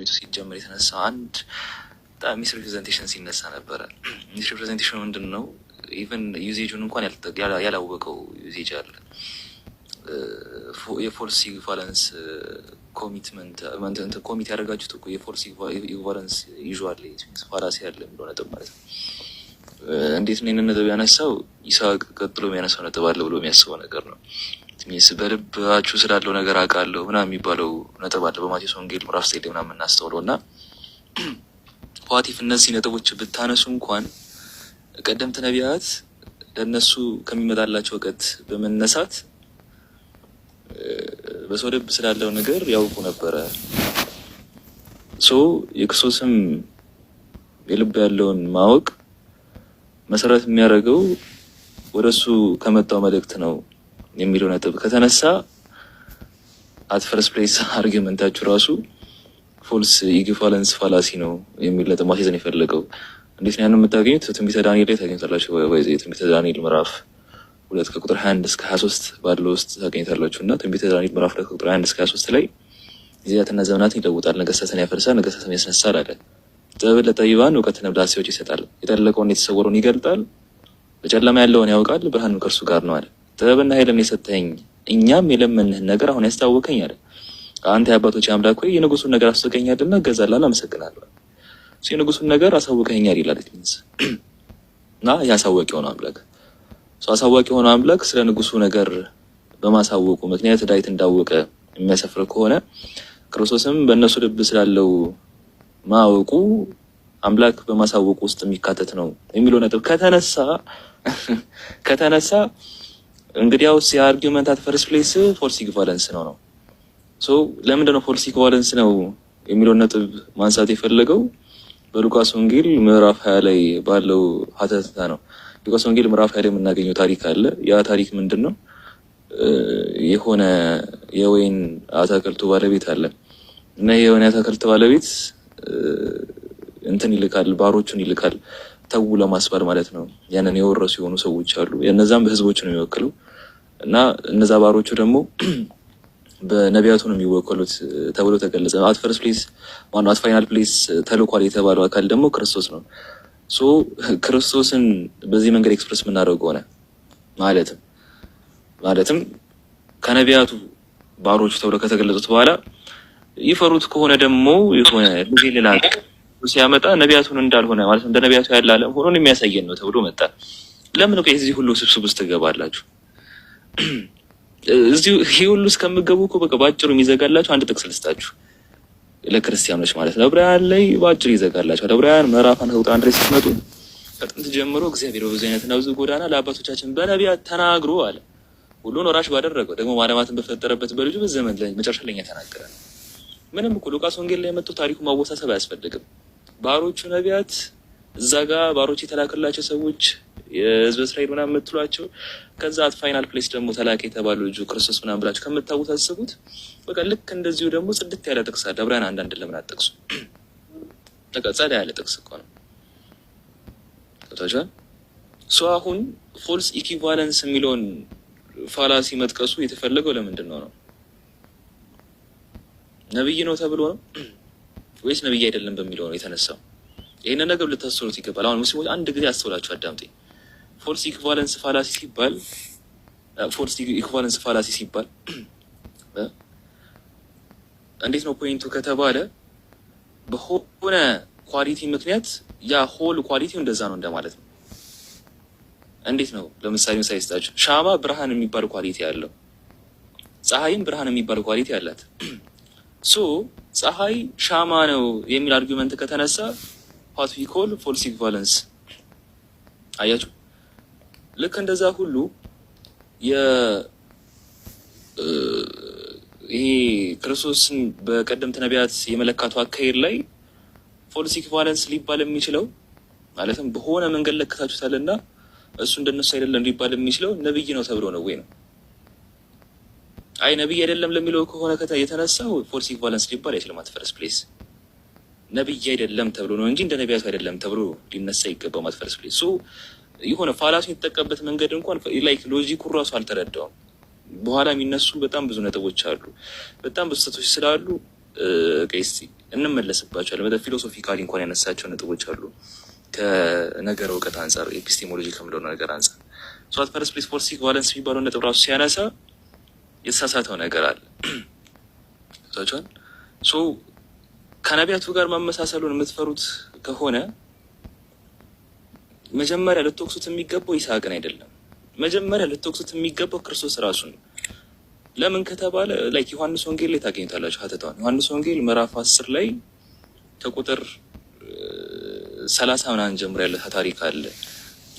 ፕሮጀክቱ ሲጀመር የተነሳው አንድ በጣም ሚስ ሪፕሬዘንቴሽን ሲነሳ ነበረ። ሚስ ሪፕሬዘንቴሽኑ ምንድን ነው? ኢቨን ዩዜጁን እንኳን ያላወቀው ዩዜጅ አለ። የፎርስ ኢኩቫለንስ ኮሚትመንት ኮሚት ያደረጋችሁት እኮ የፎርስ ኢኩቫለንስ ዩዥዋል ፋላሲ ያለ የሚለው ነጥብ ማለት ነው። እንዴት ነው ይህንን ነጥብ ያነሳው? ይስሐቅ ቀጥሎ የሚያነሳው ነጥብ አለ ብሎ የሚያስበው ነገር ነው። በልባችሁ ስላለው ነገር አውቃለሁ ምናምን የሚባለው ነጥብ አለ በማቴዎስ ወንጌል ምዕራፍ ዘጠኝ ላይ ምናምን እና ፖቲፍ እነዚህ ነጥቦች ብታነሱ እንኳን ቀደምት ነቢያት ለእነሱ ከሚመጣላቸው እውቀት በመነሳት በሰው ልብ ስላለው ነገር ያውቁ ነበረ። ሶ የክርስቶስም የልብ ያለውን ማወቅ መሰረት የሚያደርገው ወደ እሱ ከመጣው መልእክት ነው። የሚለው ነጥብ ከተነሳ አት ፈርስት ፕሌስ አርጊመንታችሁ ራሱ ፎልስ ኢጊቫለንስ ፋላሲ ነው የሚል ነጥብ ማስይዘን የፈለገው እንዴት ነው ያንን የምታገኙት? ትንቢተ ዳንኤል ላይ ታገኝታላችሁ። ይዘ ትንቢተ ዳንኤል ምዕራፍ ሁለት ከቁጥር 21 እስከ 23 ባለው ውስጥ ታገኝታላችሁ እና ትንቢተ ዳንኤል ምዕራፍ ሁለት ከቁጥር 21 እስከ 23 ላይ ጊዜያትና ዘመናትን ይለውጣል፣ ነገስታትን ያፈርሳል፣ ነገስታትን ያስነሳል አለ። ጥበብን ለጠቢባን እውቀትን ለብላቴዎች ይሰጣል፣ የጠለቀውን የተሰወረውን ይገልጣል፣ በጨለማ ያለውን ያውቃል፣ ብርሃኑ ከእርሱ ጋር ነው አለ። ጥበብና ኃይልን የሰጠኝ እኛም የለመንህን ነገር አሁን ያስታወቀኝ አለ። አንተ የአባቶች አምላክ ሆይ የንጉሱን ነገር አስታወቀኛልና እገዛለሁ፣ አመሰግናለሁ። የንጉሱን ነገር አሳውቀኛል ይላል እና ያሳወቅ የሆነ አምላክ አሳዋቂ የሆነ አምላክ ስለ ንጉሱ ነገር በማሳወቁ ምክንያት ዳዊት እንዳወቀ የሚያሰፍር ከሆነ ክርስቶስም በእነሱ ልብ ስላለው ማወቁ አምላክ በማሳወቁ ውስጥ የሚካተት ነው የሚለው ነጥብ ከተነሳ ከተነሳ እንግዲያውስ የአርጊመንት አት ፈርስት ፕሌስ ፎልስ ኢኩቫለንስ ነው ነው። ሶ ለምንድን ነው ፎልስ ኢኩቫለንስ ነው የሚለውን ነጥብ ማንሳት የፈለገው በሉቃስ ወንጌል ምዕራፍ ሀያ ላይ ባለው ሀተታ ነው። ሉቃስ ወንጌል ምዕራፍ ሀያ ላይ የምናገኘው ታሪክ አለ። ያ ታሪክ ምንድን ነው? የሆነ የወይን አታክልቱ ባለቤት አለ እና የወይን አታክልት ባለቤት እንትን ይልካል፣ ባሮቹን ይልካል ተዉ ለማስባል ማለት ነው። ያንን የወረሱ የሆኑ ሰዎች አሉ። እነዛም በህዝቦች ነው የሚወክለው እና እነዛ ባሮቹ ደግሞ በነቢያቱ ነው የሚወከሉት ተብሎ ተገለጸ። አትፈርስ ፕሌስ አት ፋይናል ፕሌስ ተልኳል የተባለው አካል ደግሞ ክርስቶስ ነው። ሶ ክርስቶስን በዚህ መንገድ ኤክስፕረስ የምናደርገው ሆነ ማለትም ማለትም ከነቢያቱ ባሮቹ ተብሎ ከተገለጹት በኋላ ይፈሩት ከሆነ ደግሞ የሆነ ጊዜ ሌላ ሲያመጣ ነቢያቱን እንዳልሆነ ማለት እንደ ነቢያቱ ያለ አለም ሆኖን የሚያሳየን ነው ተብሎ መጣ። ለምን ነው የዚህ ሁሉ ስብስብ ውስጥ ትገባላችሁ? እዚሁ ይህ ሁሉ እስከምገቡ እኮ በቃ በአጭሩ የሚዘጋላችሁ አንድ ጥቅስ ልስጣችሁ፣ ለክርስቲያኖች ማለት ነው። ዕብራውያን ላይ በአጭሩ ይዘጋላችኋል። ዕብራውያን ምዕራፍ አንድ ቁጥር አንድ ላይ ስትመጡ ከጥንት ጀምሮ እግዚአብሔር በብዙ አይነትና ብዙ ጎዳና ለአባቶቻችን በነቢያት ተናግሮ አለ ሁሉን ወራሽ ባደረገው ደግሞ ማለማትን በፈጠረበት በልጁ በዘመን ላይ መጨረሻ ላይ ተናገረ። ምንም እኮ ሉቃስ ወንጌል ላይ የመጡ ታሪኩ ማወሳሰብ አያስፈልግም። ባሮቹ ነቢያት እዛ ጋ ባሮች የተላከላቸው ሰዎች የህዝብ እስራኤል ምናምን የምትሏቸው ከዛ አት ፋይናል ፕሌስ ደግሞ ተላከ የተባሉ ልጁ ክርስቶስ ምናምን ብላችሁ ከምታውት አስቡት። በቃ ልክ እንደዚሁ ደግሞ ጽድት ያለ ጥቅስ አለ። ዕብራውያን አንዳንድ ለምን አጠቅሱ? በቃ ጸዳ ያለ ጥቅስ እኮ ነው። ገብታችኋል? ሶ አሁን ፎልስ ኢኪቫለንስ የሚለውን ፋላሲ መጥቀሱ የተፈለገው ለምንድን ነው ነው ነብይ ነው ተብሎ ነው ወይስ ነብይ አይደለም በሚለው ነው የተነሳው። ይህን ነገር ልታስተውሉት ይገባል። አሁን ሙስሊሞች አንድ ጊዜ አስተውላችሁ አዳምጤ ፎልስ ኢኩቫለንስ ፋላሲ ሲባል ፎልስ ኢኩቫለንስ ፋላሲ ሲባል እንዴት ነው ፖይንቱ ከተባለ በሆነ ኳሊቲ ምክንያት ያ ሆል ኳሊቲው እንደዛ ነው እንደማለት ነው። እንዴት ነው? ለምሳሌ ምሳሌ ስጣችሁ። ሻማ ብርሃን የሚባል ኳሊቲ አለው። ፀሐይም ብርሃን የሚባል ኳሊቲ አላት። ሶ ፀሐይ ሻማ ነው የሚል አርጊመንት ከተነሳ ፓት ኮል ፎልስ ኢክቫለንስ አያችሁ። ልክ እንደዛ ሁሉ ይሄ ክርስቶስን በቀደምት ነቢያት የመለካቱ አካሄድ ላይ ፎልስ ኢክቫለንስ ሊባል የሚችለው ማለትም በሆነ መንገድ ለክታችሁታልና እሱ እንደነሱ አይደለም ሊባል የሚችለው ነብይ ነው ተብሎ ነው ወይ ነው አይ ነብይ አይደለም ለሚለው ከሆነ ከታ የተነሳው ፎርስ ኢኳለንስ ሊባል አይችልም። አት ፈርስት ፕሌስ ነብይ አይደለም ተብሎ ነው እንጂ እንደ ነቢያቱ አይደለም ተብሎ ሊነሳ ይገባው። አት ፈርስት ፕሌስ የሆነ ፋላሱን የተጠቀበት መንገድ እንኳን ላይክ ሎጂኩ ራሱ አልተረዳውም። በኋላ የሚነሱ በጣም ብዙ ነጥቦች አሉ፣ በጣም ብዙ ስህተቶች ስላሉ ቀስ እንመለስባቸዋለን። በጣም ፊሎሶፊካሊ እንኳን ያነሳቸው ነጥቦች አሉ ከነገር እውቀት አንጻር ኤፒስቴሞሎጂ ከምለው ነገር አንጻር ሶ አት ፈርስት ፕሌስ ፎርስ ኢኳለንስ የሚባለው ነጥብ ራሱ ሲያነሳ የተሳሳተው ነገር አለ። ቶቻን ከነቢያቱ ጋር ማመሳሰሉን የምትፈሩት ከሆነ መጀመሪያ ልትወቅሱት የሚገባው ይስሐቅን አይደለም። መጀመሪያ ልትወቅሱት የሚገባው ክርስቶስ ራሱን ለምን ከተባለ ላይ ዮሐንስ ወንጌል ላይ ታገኝታላችሁ ሀተታውን ዮሐንስ ወንጌል ምዕራፍ አስር ላይ ከቁጥር ሰላሳ ምናምን ጀምሮ ያለ ታሪክ አለ።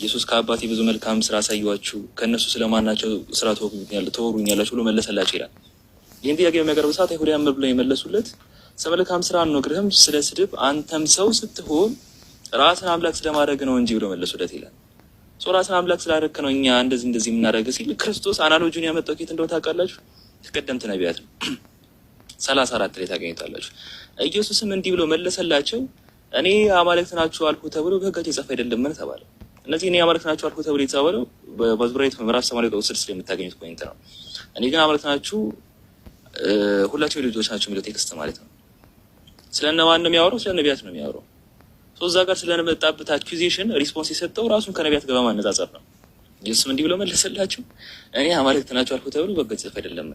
ኢየሱስ ከአባቴ ብዙ መልካም ስራ አሳየኋችሁ ከእነሱ ስለማናቸው ስራ ተወሩኛላችሁ ብሎ መለሰላቸው ይላል። ይህን ጥያቄ በሚያቀርብ ሰዓት አይሁዳ ምር ብለው የመለሱለት ስለ ስራ አንወግርህም፣ ስለ ስድብ አንተም ሰው ስትሆን ራስን አምላክ ስለማድረግ ነው እንጂ ብሎ መለሱለት ይላል። ራስን አምላክ ስላደረግ ነው እኛ እንደዚህ እንደዚህ የምናደረገ ሲል ክርስቶስ አናሎጂን ያመጣው ኬት እንደሆነ ታውቃላችሁ? ከቀደምት ነቢያት ነው። ሰላሳ አራት ላይ ታገኝታላችሁ። ኢየሱስም እንዲህ ብሎ መለሰላቸው እኔ አማልክት ናችሁ አልኩ ተብሎ በህጋቸው የጻፈ ምን ተባለ። እነዚህ እኔ አማልክት አልኩ ተብሎ የተባለው በመዝሙራዊት ምዕራፍ ሰማንያ ቁጥር ስድስት ላይ የምታገኙት ፖይንት ነው። እኔ ግን አማልክት ናችሁ ሁላቸው ልጆች ናቸው የሚለው ቴክስት ማለት ነው። ስለ ማን ነው የሚያወራው? ስለ ነቢያት ነው የሚያወራው። እዛ ጋር ስለመጣበት አኪዜሽን ሪስፖንስ የሰጠው ራሱን ከነቢያት ጋር በማነጻጸር ነው። ኢየሱስም እንዲህ ብሎ መለሰላቸው፣ እኔ አማልክት ናቸው አልኩ ተብሎ በግልጽ አይደለም።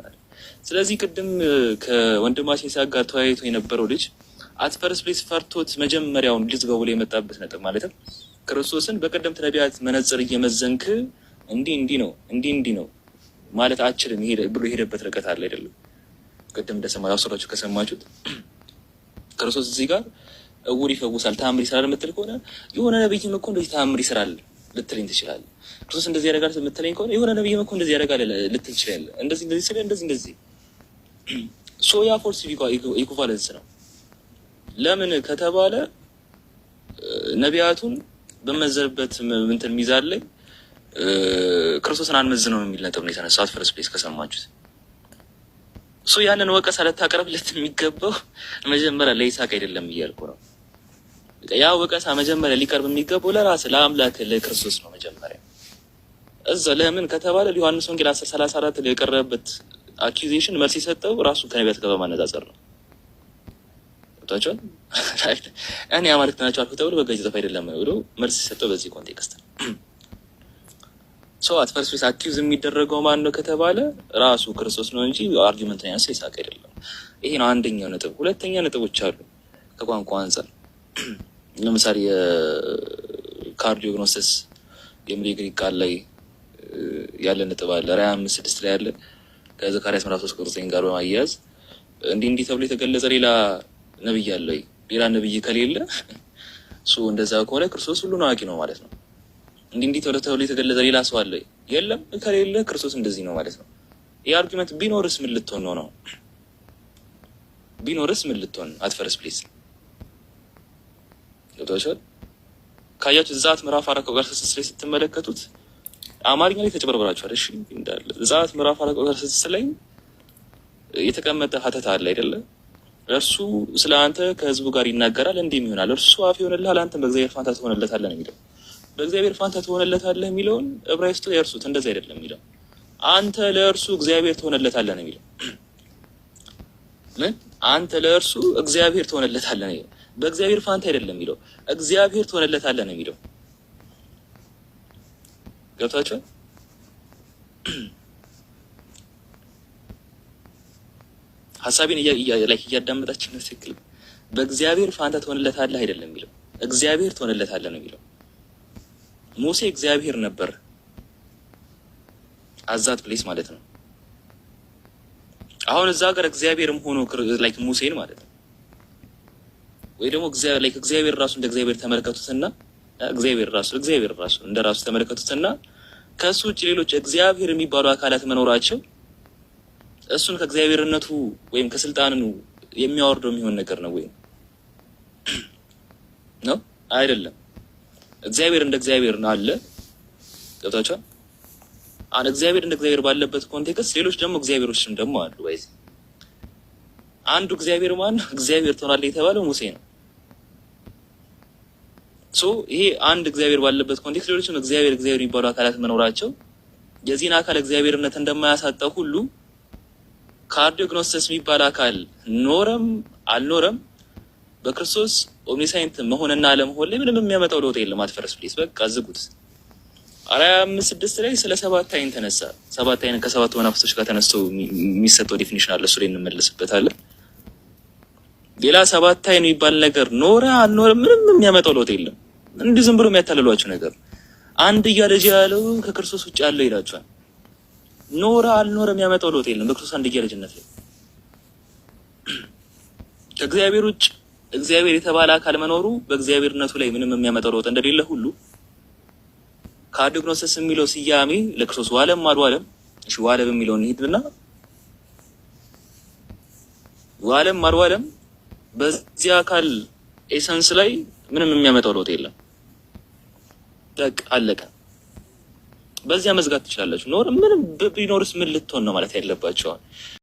ስለዚህ ቅድም ከወንድማችን ሲሳቅ ጋር ተወያይቶ የነበረው ልጅ አት ፈርስት ፕሌስ ፈርቶት መጀመሪያውን ልዝገቡ ላይ የመጣበት ነጥብ ማለትም ክርስቶስን በቀደምት ነቢያት መነጽር እየመዘንክ እንዲህ እንዲህ ነው እንዲህ እንዲህ ነው ማለት አችልም ብሎ የሄደበት ርቀት አለ አይደለም። ቅድም እንደሰማ አስራችሁ ከሰማችሁት ክርስቶስ እዚህ ጋር እውር ይፈውሳል፣ ተአምር ይሰራል የምትል ከሆነ የሆነ ነብይም እኮ እንደዚህ ተአምር ይሰራል ልትለኝ ትችላለህ። ክርስቶስ እንደዚህ ያደርጋል የምትለኝ ከሆነ የሆነ ነብይም እኮ እንደዚህ ያደርጋል ልትል ትችላለህ። እንደዚህ እንደዚህ ስለ እንደዚህ እንደዚህ ሶያ ፎርስ ኢኩቫለንስ ነው። ለምን ከተባለ ነቢያቱን በመዘንበት እንትን ሚዛን ላይ ክርስቶስን አንመዝነው የሚል ነጥብ ነው የተነሳት ፈርስ ፕሌስ ከሰማችሁት እሱ ያንን ወቀሳ ልታቀርብለት የሚገባው መጀመሪያ ለይሳቅ አይደለም እያልኩ ነው። ያ ወቀሳ መጀመሪያ ሊቀርብ የሚገባው ለራስ ለአምላክ ለክርስቶስ ነው። መጀመሪያ እዛ ለምን ከተባለ ዮሐንስ ወንጌል 10 34 ላይ የቀረበበት አኪዜሽን መልስ የሰጠው ራሱ ከነቢያት ጋር በማነጻጸር ነው። ገብቷቸዋል። እኔ አማልክት ናቸው አልኩ ተብሎ በገጅ ጽፍ አይደለም ብሎ መልስ ሲሰጠው በዚህ ኮንቴክስት ነው። ሰው አትፈርስ ቤት አኪዝ የሚደረገው ማን ነው ከተባለ ራሱ ክርስቶስ ነው እንጂ አርጊመንት ነው ያነሳ ይሳቅ አይደለም። ይሄ ነው አንደኛው ነጥብ። ሁለተኛ ነጥቦች አሉ ከቋንቋ አንጻር ለምሳሌ የካርዲዮግኖሲስ የሚል ግሪክ ቃል ላይ ያለ ነጥብ አለ ራዕይ አምስት ስድስት ላይ ያለ ከዘካርያስ ምዕራፍ ሶስት ቁጥር ዘጠኝ ጋር በማያያዝ እንዲህ እንዲህ ተብሎ የተገለጸ ሌላ ነብይ አለ ወይ? ሌላ ነብይ ከሌለ እሱ እንደዛ ከሆነ ክርስቶስ ሁሉን አዋቂ ነው ማለት ነው። እንዲህ እንዲህ ተብሎ ተብሎ የተገለጸ ሌላ ሰው አለ የለም። ከሌለ ክርስቶስ እንደዚህ ነው ማለት ነው። ይህ አርጊመንት ቢኖርስ ምን ልትሆን ነው ነው? ቢኖርስ ምን ልትሆን አትፈርስ ፕሊዝ ገብታችኋል። ካያችሁ ዛት ምዕራፍ አራት ቁጥር ስድስት ላይ ስትመለከቱት አማርኛ ላይ ተጨበርበራችኋል። እሺ እንዳለ ዛት ምዕራፍ አራት ቁጥር ስድስት ላይ የተቀመጠ ሀተታ አለ አይደለም እርሱ ስለ አንተ ከህዝቡ ጋር ይናገራል እንዲህም ይሆናል። እርሱ አፍ ይሆንልሃል፣ አንተም በእግዚአብሔር ፋንታ ትሆንለታለህ ነው የሚለው። በእግዚአብሔር ፋንታ ትሆንለታለህ የሚለውን ዕብራይስጡ የእርሱት እንደዚህ አይደለም የሚለው አንተ ለእርሱ እግዚአብሔር ትሆንለታለህ ነው የሚለው። ምን አንተ ለእርሱ እግዚአብሔር ትሆንለታለህ ነው በእግዚአብሔር ፋንታ አይደለም የሚለው እግዚአብሔር ትሆንለታለህ ነው የሚለው ገብቷቸው ሀሳቤን ላይ እያዳመጣችን ነው። ትክክል። በእግዚአብሔር ፋንታ ትሆንለታለህ አይደለም የሚለው እግዚአብሔር ትሆንለታለህ ነው የሚለው። ሙሴ እግዚአብሔር ነበር አዛት ፕሌስ ማለት ነው። አሁን እዛ ጋር እግዚአብሔርም ሆኖ ላይክ ሙሴን ማለት ነው። ወይ ደግሞ ላይክ እግዚአብሔር ራሱ እንደ እግዚአብሔር ተመልከቱትና እግዚአብሔር ራሱ እግዚአብሔር ራሱ እንደ ራሱ ተመልከቱትና ከእሱ ውጭ ሌሎች እግዚአብሔር የሚባሉ አካላት መኖራቸው እሱን ከእግዚአብሔርነቱ ወይም ከስልጣኑ የሚያወርደው የሚሆን ነገር ነው ወይም ነው አይደለም። እግዚአብሔር እንደ እግዚአብሔር አለ። ገብታችኋል? አንድ እግዚአብሔር እንደ እግዚአብሔር ባለበት ኮንቴክስት ሌሎች ደግሞ እግዚአብሔሮችም ደግሞ አሉ። ወይስ አንዱ እግዚአብሔር ማን ነው? እግዚአብሔር ትሆናለህ የተባለው ሙሴ ነው። ሶ ይሄ አንድ እግዚአብሔር ባለበት ኮንቴክስት ሌሎችም እግዚአብሔር እግዚአብሔር የሚባሉ አካላት መኖራቸው የዚህን አካል እግዚአብሔርነት እንደማያሳጣው ሁሉ ካርዲዮግኖስተስ የሚባል አካል ኖረም አልኖረም በክርስቶስ ኦምኒሳይንት መሆንና አለመሆን ላይ ምንም የሚያመጣው ለውጥ የለም። አትፈረስ ፕሊስ፣ በቃ ዝጉት። አራያ አምስት ስድስት ላይ ስለ ሰባት አይን ተነሳ። ሰባት አይን ከሰባት መናፍስቶች ጋር ተነስቶ የሚሰጠው ዴፊኒሽን አለ፣ እሱ ላይ እንመለስበታለን። ሌላ ሰባት አይን የሚባል ነገር ኖረ አልኖረም ምንም የሚያመጣው ለውጥ የለም። እንዲህ ዝም ብሎ የሚያታልሏቸው ነገር አንድ እያለጅ ያለው ከክርስቶስ ውጭ ያለው ይላቸዋል። ኖረ አልኖረ የሚያመጣው ለውጥ የለም። በክርስቶስ አንድያ ልጅነት ላይ ከእግዚአብሔር ውጭ እግዚአብሔር የተባለ አካል መኖሩ በእግዚአብሔርነቱ ላይ ምንም የሚያመጣው ለውጥ እንደሌለ ሁሉ ከአድግኖሰስ የሚለው ስያሜ ለክርስቶስ ዋለም አለም እሺ ዋለም የሚለውን እንሂድና ዋለም አለም በዚህ አካል ኤሰንስ ላይ ምንም የሚያመጣው ለውጥ የለም። በቃ አለቀ። በዚያ መዝጋት ትችላለች። ኖር ምንም ቢኖርስ ምን ልትሆን ነው ማለት ያለባቸዋል።